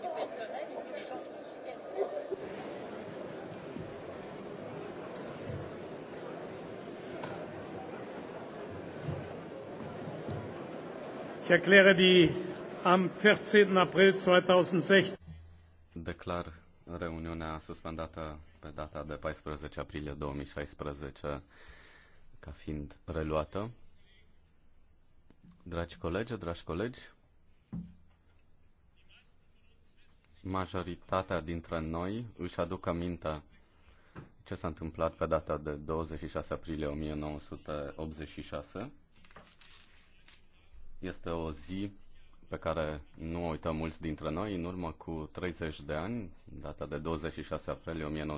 du personnel et puis des gens qui soutiennent. Ich erkläre die am 14. April 2016. Declar reuniunea suspendată pe data de 14 aprilie 2016 ca fiind reluată. Dragi colegi, dragi colegi, majoritatea dintre noi își aduc aminte ce s-a întâmplat pe data de 26 aprilie 1986. Este o zi pe care nu o uităm mulți dintre noi. În urmă cu 30 de ani, data de 26 aprilie 1986,